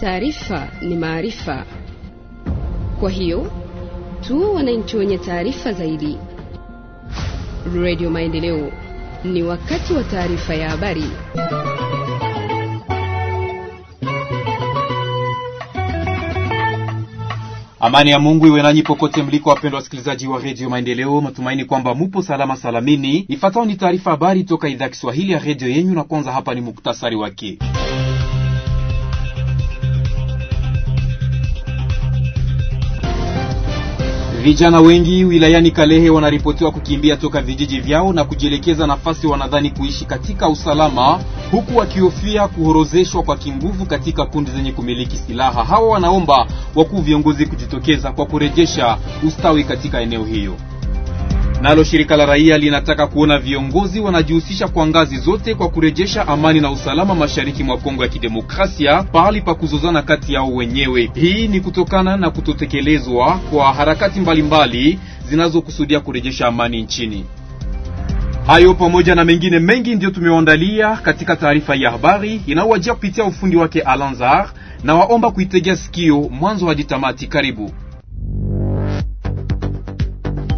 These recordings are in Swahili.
Taarifa ni maarifa, kwa hiyo tu wananchi wenye taarifa zaidi. Redio Maendeleo, ni wakati wa taarifa ya habari. Amani ya Mungu iwe nanyi popote mliko, wapendwa wasikilizaji wa redio Maendeleo. Matumaini kwamba mupo salama salamini. Ifuatayo ni taarifa habari toka idhaa Kiswahili ya redio yenyu, na kwanza hapa ni muktasari wake. Vijana wengi wilayani Kalehe wanaripotiwa kukimbia toka vijiji vyao na kujielekeza nafasi wanadhani kuishi katika usalama, huku wakihofia kuhorozeshwa kwa kinguvu katika kundi zenye kumiliki silaha. Hawa wanaomba wakuu viongozi kujitokeza kwa kurejesha ustawi katika eneo hiyo. Nalo shirika la raia linataka kuona viongozi wanajihusisha kwa ngazi zote kwa kurejesha amani na usalama mashariki mwa Kongo ya Kidemokrasia, pahali pa kuzozana kati yao wenyewe. Hii ni kutokana na kutotekelezwa kwa harakati mbalimbali zinazokusudia kurejesha amani nchini. Hayo pamoja na mengine mengi ndiyo tumewaandalia katika taarifa ya habari inayowajia kupitia ufundi wake Alanzar, na waomba kuitegea sikio mwanzo hadi tamati. Karibu.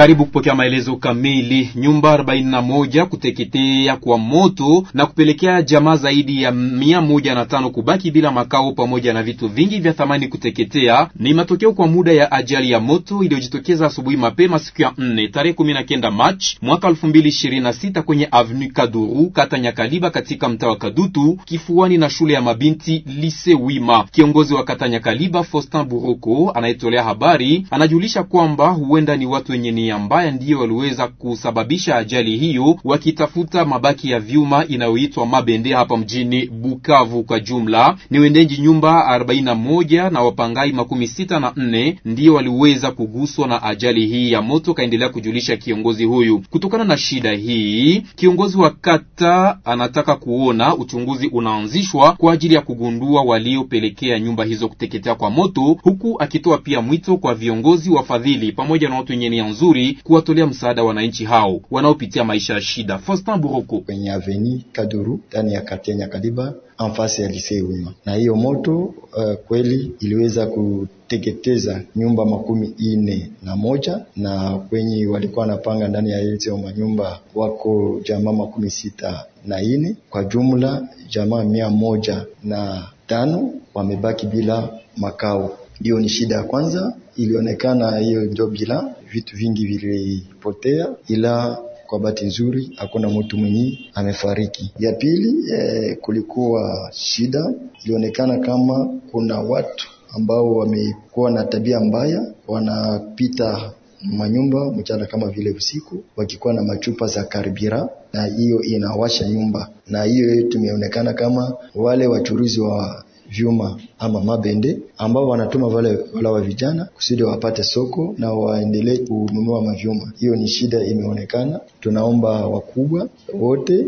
karibu kupokea maelezo kamili. Nyumba 41 kuteketea kwa moto na kupelekea jamaa zaidi ya mia moja na tano kubaki bila makao pamoja na vitu vingi vya thamani kuteketea ni matokeo kwa muda ya ajali ya moto iliyojitokeza asubuhi mapema siku ya 4 tarehe 19 Machi mwaka 2026 kwenye Avenue Kaduru kata Nyakaliba katika mtaa wa Kadutu kifuani na shule ya mabinti Lise Wima. Kiongozi wa kata Nyakaliba Faustin Buruko anayetolea habari anajulisha kwamba huenda ni watu wenye nia ambaye ndiyo waliweza kusababisha ajali hiyo, wakitafuta mabaki ya vyuma inayoitwa mabende hapa mjini Bukavu. Kwa jumla ni wendeji nyumba 41 na wapangai makumi sita na nne ndiyo waliweza kuguswa na ajali hii ya moto, kaendelea kujulisha kiongozi huyu. Kutokana na shida hii, kiongozi wa kata anataka kuona uchunguzi unaanzishwa kwa ajili ya kugundua waliopelekea nyumba hizo kuteketea kwa moto, huku akitoa pia mwito kwa viongozi wafadhili pamoja na watu wenye nia nzuri mzuri kuwatolea msaada wananchi hao wanaopitia maisha ya shida. Faustin Buroko kwenye aveni Kaduru ndani ya kata Nyakadiba anfasi ya lisee Wima, na hiyo moto uh, kweli iliweza kuteketeza nyumba makumi ine na moja na kwenye walikuwa wanapanga ndani ya hizo manyumba wako jamaa makumi sita na ine kwa jumla jamaa mia moja na tano wamebaki bila makao. Hiyo ni shida ya kwanza, ilionekana hiyo ndio bila vitu vingi vilipotea, ila kwa bahati nzuri hakuna mtu mwenye amefariki. Ya pili, eh, kulikuwa shida, ilionekana kama kuna watu ambao wamekuwa na tabia mbaya, wanapita manyumba mchana kama vile usiku, wakikuwa na machupa za karibira, na hiyo inawasha nyumba, na hiyo tumeonekana kama wale wachuruzi wa vyuma ama mabende ambao wanatuma wale wale wa vijana kusudi wapate soko na waendelee kununua mavyuma. Hiyo ni shida imeonekana. Tunaomba wakubwa wote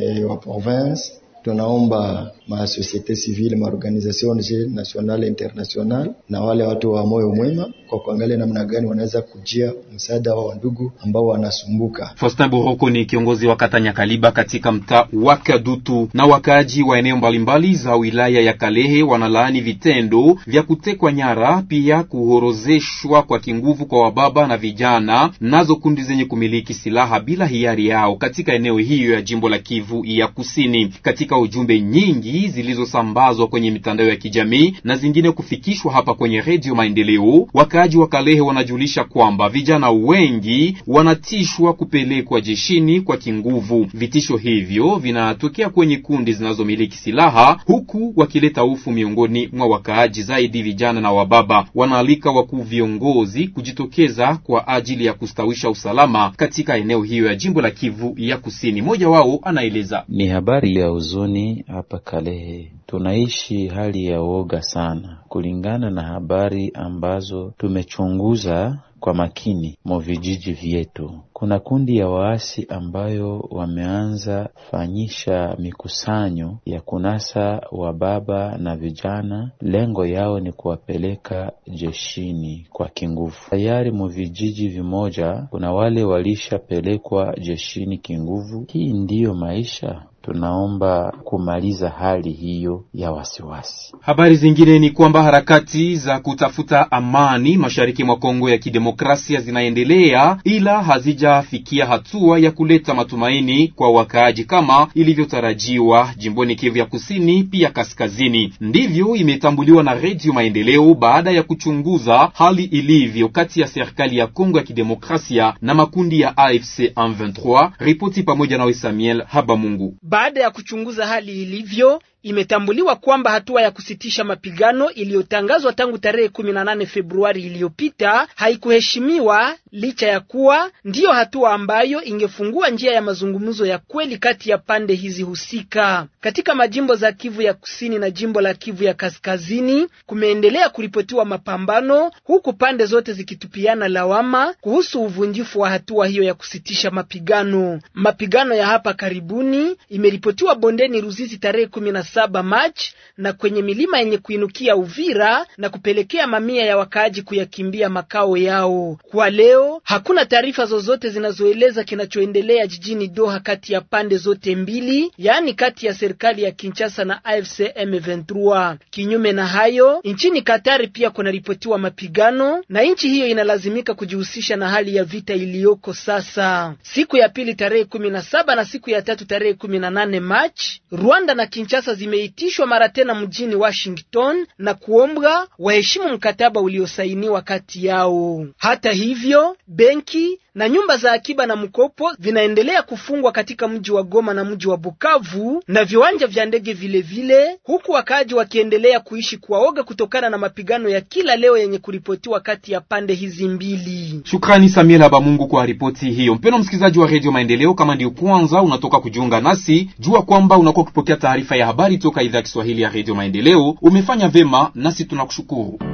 e, wa province, tunaomba société civile, ONG nationale internationale, na wale watu wa moyo mwema kwa kuangalia namna gani wanaweza kujia msaada wa wandugu ambao wanasumbuka. Faustin Boroko ni kiongozi wa kata Nyakaliba katika mtaa wa Kadutu, na wakaaji wa eneo mbalimbali za wilaya ya Kalehe wanalaani vitendo vya kutekwa nyara, pia kuhorozeshwa kwa kinguvu kwa wababa na vijana, nazo kundi zenye kumiliki silaha bila hiari yao katika eneo hiyo ya jimbo la Kivu ya Kusini. Katika ujumbe nyingi hii zilizosambazwa kwenye mitandao ya kijamii na zingine kufikishwa hapa kwenye redio Maendeleo, wakaaji wa Kalehe wanajulisha kwamba vijana wengi wanatishwa kupelekwa jeshini kwa kinguvu. Vitisho hivyo vinatokea kwenye kundi zinazomiliki silaha, huku wakileta ufu miongoni mwa wakaaji, zaidi vijana na wababa. Wanaalika wakuu viongozi kujitokeza kwa ajili ya kustawisha usalama katika eneo hiyo ya jimbo la Kivu ya Kusini. Mmoja wao anaeleza ni habari ya huzuni hapa Salehe, tunaishi hali ya woga sana kulingana na habari ambazo tumechunguza kwa makini mo vijiji vyetu. Kuna kundi ya waasi ambayo wameanza fanyisha mikusanyo ya kunasa wa baba na vijana. Lengo yao ni kuwapeleka jeshini kwa kinguvu. Tayari mu vijiji vimoja kuna wale walishapelekwa jeshini kinguvu. Hii ndiyo maisha tunaomba kumaliza hali hiyo ya wasiwasi. Habari zingine ni kwamba harakati za kutafuta amani mashariki mwa Kongo ya Kidemokrasia zinaendelea, ila hazijafikia hatua ya kuleta matumaini kwa wakaaji kama ilivyotarajiwa jimboni Kivu ya Kusini, pia kaskazini. Ndivyo imetambuliwa na Redio Maendeleo baada ya kuchunguza hali ilivyo kati ya serikali ya Kongo ya Kidemokrasia na makundi ya AFC M23. Ripoti pamoja na Samuel Habamungu. Baada ya kuchunguza hali ilivyo, imetambuliwa kwamba hatua ya kusitisha mapigano iliyotangazwa tangu tarehe 18 Februari iliyopita haikuheshimiwa licha ya kuwa ndiyo hatua ambayo ingefungua njia ya mazungumzo ya kweli kati ya pande hizi husika. Katika majimbo za Kivu ya Kusini na jimbo la Kivu ya Kaskazini kumeendelea kuripotiwa mapambano huku pande zote zikitupiana lawama kuhusu uvunjifu wa hatua hiyo ya kusitisha mapigano. Mapigano ya hapa karibuni imeripotiwa bondeni Ruzizi tarehe saba Machi na kwenye milima yenye kuinukia Uvira na kupelekea mamia ya wakaaji kuyakimbia makao yao. Kwa leo hakuna taarifa zozote zinazoeleza kinachoendelea jijini Doha kati ya pande zote mbili, yaani kati ya serikali ya Kinshasa na AFC M23. Kinyume na hayo, nchini Katari pia kunaripotiwa mapigano na nchi hiyo inalazimika kujihusisha na hali ya vita iliyoko sasa. Siku ya pili tarehe 17 na siku ya tatu tarehe 18 Machi, Rwanda na Kinshasa zimeitishwa mara tena mjini Washington na kuombwa waheshimu mkataba uliosainiwa kati yao. Hata hivyo, benki na nyumba za akiba na mkopo vinaendelea kufungwa katika mji wa Goma na mji wa Bukavu na viwanja vya ndege vilevile, huku wakaaji wakiendelea kuishi oga kutokana na mapigano ya kila leo yenye kuripotiwa kati ya pande hizi mbili. Shukrani Samuel Abamungu kwa ripoti hiyo. Mpendwa msikilizaji wa Radio Maendeleo, kama ndio kwanza unatoka kujiunga nasi, jua kwamba unakuwa ukipokea taarifa ya habari toka idhaa ya Kiswahili ya Radio Maendeleo. Umefanya vema, nasi tunakushukuru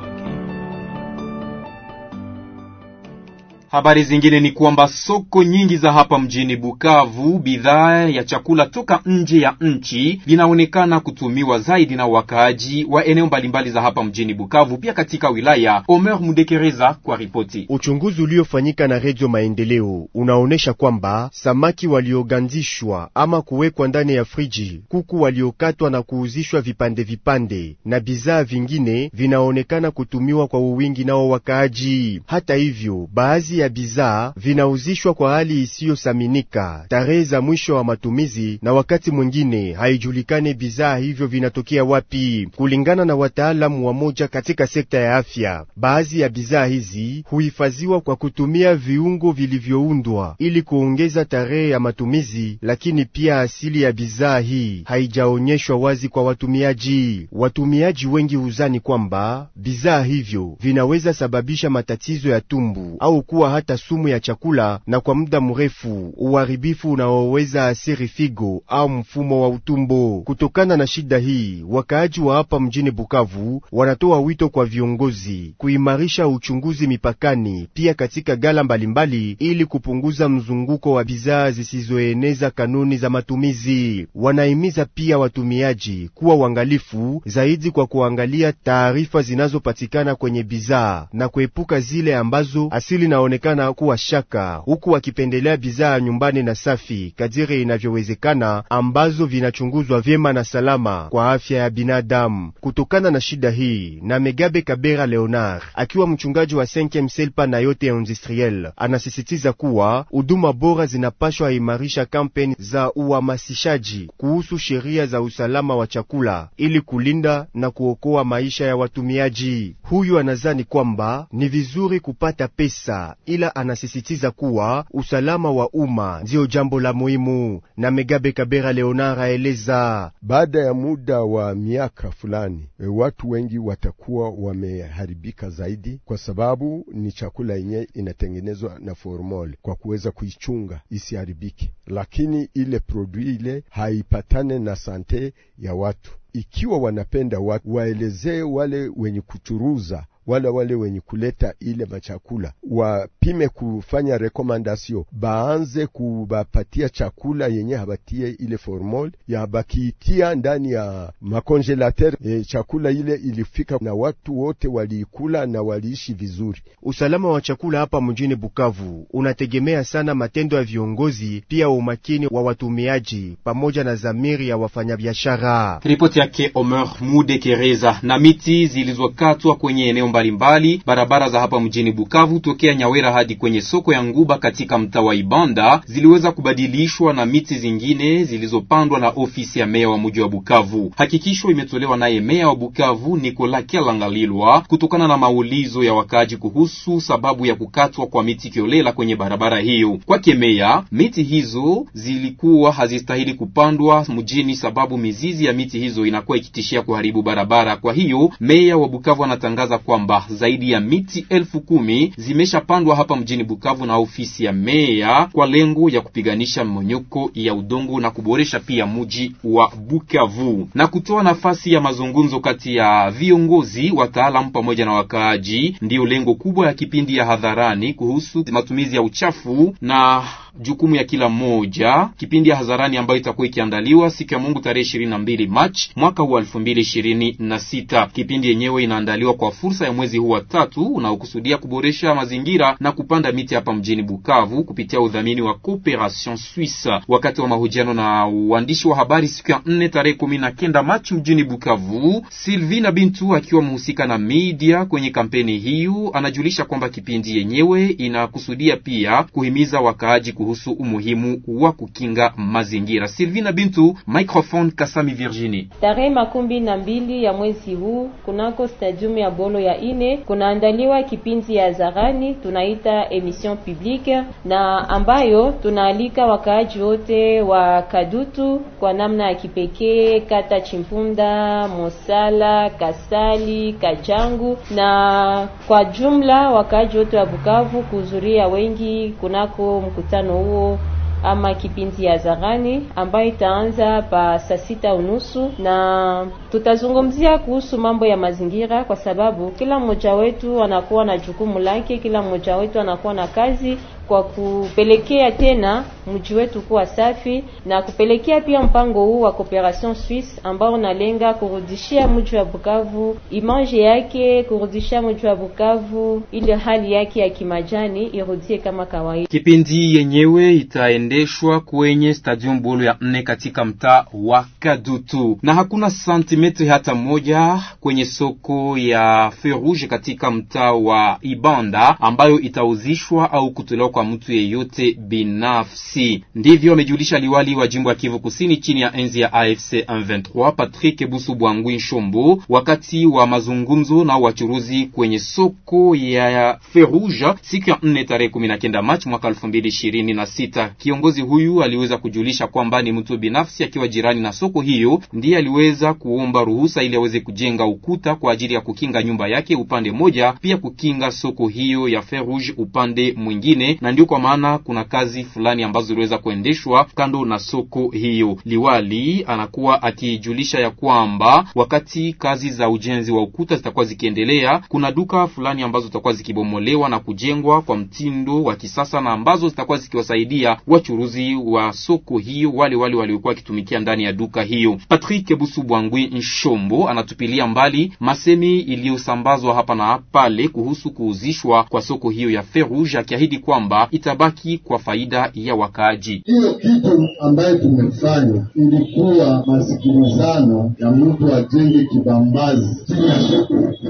Habari zingine ni kwamba soko nyingi za hapa mjini Bukavu, bidhaa ya chakula toka nje ya nchi vinaonekana kutumiwa zaidi na wakaaji wa eneo mbalimbali za hapa mjini Bukavu, pia katika wilaya. Omer Mudekereza kwa ripoti. Uchunguzi uliofanyika na Redio Maendeleo unaonyesha kwamba samaki waliogandishwa ama kuwekwa ndani ya friji, kuku waliokatwa na kuuzishwa vipande vipande, na bidhaa vingine vinaonekana kutumiwa kwa uwingi nao wakaaji. Hata hivyo baadhi ya bidhaa vinauzishwa kwa hali isiyosaminika, tarehe za mwisho wa matumizi, na wakati mwingine haijulikani bidhaa hivyo vinatokea wapi. Kulingana na wataalamu wa moja katika sekta ya afya, baadhi ya bidhaa hizi huhifadhiwa kwa kutumia viungo vilivyoundwa ili kuongeza tarehe ya matumizi, lakini pia asili ya bidhaa hii haijaonyeshwa wazi kwa watumiaji. Watumiaji wengi huzani kwamba bidhaa hivyo vinaweza sababisha matatizo ya tumbu au kuwa hata sumu ya chakula, na kwa muda mrefu uharibifu unaoweza asiri figo au mfumo wa utumbo. Kutokana na shida hii, wakaaji wa hapa mjini Bukavu wanatoa wito kwa viongozi kuimarisha uchunguzi mipakani, pia katika gala mbalimbali, ili kupunguza mzunguko wa bidhaa zisizoeneza kanuni za matumizi. Wanahimiza pia watumiaji kuwa wangalifu zaidi kwa kuangalia taarifa zinazopatikana kwenye bidhaa na kuepuka zile ambazo asili naone inaonekana kuwa shaka, huku wakipendelea bidhaa nyumbani na safi kadiri inavyowezekana, ambazo vinachunguzwa vyema na salama kwa afya ya binadamu. Kutokana na shida hii, na Megabe Kabera Leonard akiwa mchungaji wa Senkem Selpa na yote industriel, anasisitiza kuwa huduma bora zinapashwa imarisha kampeni za uhamasishaji kuhusu sheria za usalama wa chakula ili kulinda na kuokoa maisha ya watumiaji. Huyu anazani kwamba ni vizuri kupata pesa ila anasisitiza kuwa usalama wa umma ndiyo jambo la muhimu. Na Megabe Kabera Leonar aeleza, baada ya muda wa miaka fulani e, watu wengi watakuwa wameharibika zaidi, kwa sababu ni chakula yenye inatengenezwa na formol kwa kuweza kuichunga isiharibike, lakini ile produi ile haipatane na sante ya watu. Ikiwa wanapenda watu waelezee wale wenye kuchuruza wale wale wenye kuleta ile machakula wapime kufanya rekomandasio, baanze kubapatia chakula yenye habatie ile formol ya bakiitia ndani ya makonjelater e, chakula ile ilifika na watu wote waliikula na waliishi vizuri. Usalama wa chakula hapa mjini Bukavu unategemea sana matendo ya viongozi, pia umakini wa watumiaji pamoja na zamiri ya wafanyabiashara. Ripoti yake Omer Mudekereza. Na miti zilizokatwa kwenye eneo mbalimbali, barabara za hapa mjini Bukavu tokea Nyawera hadi kwenye soko ya Nguba katika mtaa wa Ibanda ziliweza kubadilishwa na miti zingine zilizopandwa na ofisi ya meya wa mji wa Bukavu. Hakikisho imetolewa naye meya wa Bukavu Nikola Kelangalilwa kutokana na maulizo ya wakaaji kuhusu sababu ya kukatwa kwa miti kiolela kwenye barabara hiyo. Kwake meya, miti hizo zilikuwa hazistahili kupandwa mjini sababu mizizi ya miti hizo inakuwa ikitishia kuharibu barabara. Kwa hiyo meya wa Bukavu anatangaza kwa kwamba zaidi ya miti elfu kumi zimeshapandwa hapa mjini Bukavu na ofisi ya meya kwa lengo ya kupiganisha mmonyoko ya udongo na kuboresha pia mji wa Bukavu na kutoa nafasi ya mazungumzo kati ya viongozi, wataalamu pamoja na wakaaji. Ndiyo lengo kubwa ya kipindi ya hadharani kuhusu matumizi ya uchafu na jukumu ya kila mmoja, kipindi ya hadharani ambayo itakuwa ikiandaliwa siku ya Mungu tarehe ishirini na mbili Machi mwaka huu elfu mbili ishirini na sita. Kipindi yenyewe inaandaliwa kwa fursa ya mwezi huu wa tatu unaokusudia kuboresha mazingira na kupanda miti hapa mjini Bukavu kupitia udhamini wa Cooperation Suisse. Wakati wa mahojiano na uandishi wa habari siku ya nne tarehe kumi na kenda Machi mjini Bukavu, Silvina Bintu akiwa mhusika na media kwenye kampeni hiyo anajulisha kwamba kipindi yenyewe inakusudia pia kuhimiza wakaaji kuhusu umuhimu wa kukinga mazingira. Silvina Bintu, microphone Kasami Virginie. Tarehe makumi na mbili ya mwezi huu kunako stadium ya Bolo ya ine kunaandaliwa kipindi ya zarani tunaita emission publique, na ambayo tunaalika wakaaji wote wa Kadutu kwa namna ya kipekee kata Chimpunda, Mosala, Kasali, Kajangu na kwa jumla wakaaji wote wa Bukavu kuhudhuria wengi kunako mkutano mkutano huo ama kipindi ya zarani ambayo itaanza pa saa sita unusu na tutazungumzia kuhusu mambo ya mazingira, kwa sababu kila mmoja wetu anakuwa na jukumu lake, kila mmoja wetu anakuwa na kazi kwa kupelekea tena mji wetu kuwa safi na kupelekea pia mpango huu wa Cooperation Suisse ambao unalenga kurudishia mji wa Bukavu image yake, kurudishia mji wa Bukavu ile hali yake ya kimajani irudie kama kawaida. Kipindi yenyewe itaendeshwa kwenye stadium Bulu ya nne katika mtaa wa Kadutu, na hakuna santimetri hata moja kwenye soko ya feruge katika mtaa wa Ibanda ambayo itauzishwa au kutolewa kwa kwa mtu yeyote binafsi. Ndivyo amejulisha liwali wa jimbo ya Kivu Kusini chini ya enzi ya AFC M23 Patrick Busu Bwangwi Shombo wakati wa mazungumzo na wachuruzi kwenye soko ya Feruja siku ya 4 tarehe 19 Machi mwaka 2026. Kiongozi huyu aliweza kujulisha kwamba ni mtu binafsi akiwa jirani na soko hiyo ndiye aliweza kuomba ruhusa ili aweze kujenga ukuta kwa ajili ya kukinga nyumba yake upande moja, pia kukinga soko hiyo ya Feruja upande mwingine na ndio kwa maana kuna kazi fulani ambazo ziliweza kuendeshwa kando na soko hiyo. Liwali anakuwa akijulisha ya kwamba wakati kazi za ujenzi wa ukuta zitakuwa zikiendelea, kuna duka fulani ambazo zitakuwa zikibomolewa na kujengwa kwa mtindo wa kisasa na ambazo zitakuwa zikiwasaidia wachuruzi wa soko hiyo wale wale waliokuwa wakitumikia ndani ya duka hiyo. Patrick Busu Bwangwi Nshombo anatupilia mbali masemi iliyosambazwa hapa na pale kuhusu kuuzishwa kwa soko hiyo ya feruge akiahidi kwamba itabaki kwa faida ya wakaaji. Hiyo kitu ambayo tumefanya ilikuwa masikilizano ya mtu ajenge kibambazi chini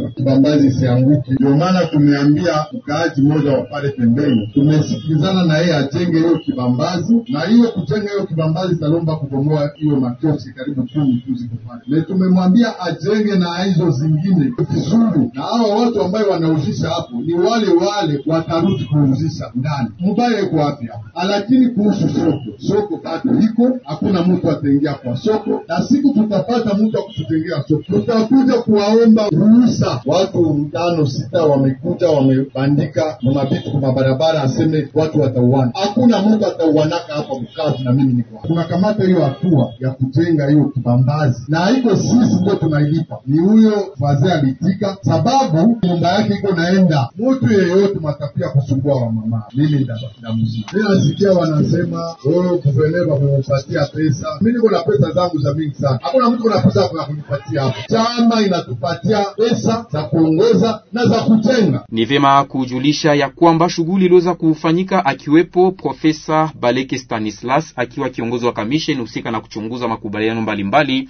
ya kibambazi isianguke. Ndio maana tumeambia mkaaji mmoja wa pale pembeni, tumesikilizana na yeye ajenge hiyo kibambazi, na hiyo kujenga hiyo kibambazi talomba kubomoa hiyo makioski karibu kumi tu ziko pale, na tumemwambia ajenge na hizo zingine vizuri, na hawa watu ambayo wanauzisha hapo ni wale wale watarudi kuuzisha ndani, mubaye kwa afya, Lakini kuhusu soko, soko bado iko, hakuna mtu ataingia kwa soko, na siku tutapata mtu akutujengea soko, tutakuja kuwaomba ruhusa. Watu mtano sita wamekuja wamebandika mamabitu kwa mabarabara, aseme watu watauana. Hakuna mtu atauanaka hapa Bukavu, na mimi niko tunakamata hiyo hatua ya kujenga hiyo kibambazi, na haiko sisi ndio tunailipa, ni huyo wazee alitika, sababu nyumba yake iko naenda, mtu yeyote matapia kusumbua wa mama mimi ndamzika. Mimi nasikia wanasema wewe oh, guvernema kumpatia pesa. Mimi niko na pesa zangu za mingi sana, hakuna mtu kuna pesa ya kunipatia hapo. Chama inatupatia pesa za kuongoza na za kujenga. Ni vyema kujulisha ya kwamba shughuli iliweza kufanyika akiwepo Profesa Baleke Stanislas akiwa kiongozi wa kamisheni husika na kuchunguza makubaliano mbalimbali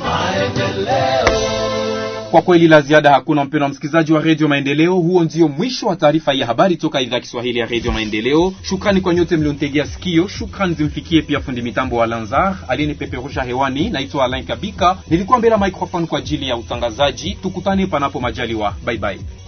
maendeleo kwa kweli la ziada hakuna, mpendwa msikilizaji wa redio Maendeleo. Huo ndio mwisho wa taarifa ya habari toka idhaa ya Kiswahili ya redio Maendeleo. Shukrani kwa nyote mliontegea sikio. Shukrani zimfikie pia fundi mitambo wa Lanzar aliyenipeperusha hewani. Naitwa Alain Kabika, nilikuwa mbele ya microphone kwa ajili ya utangazaji. Tukutane panapo majaliwa, bye bye.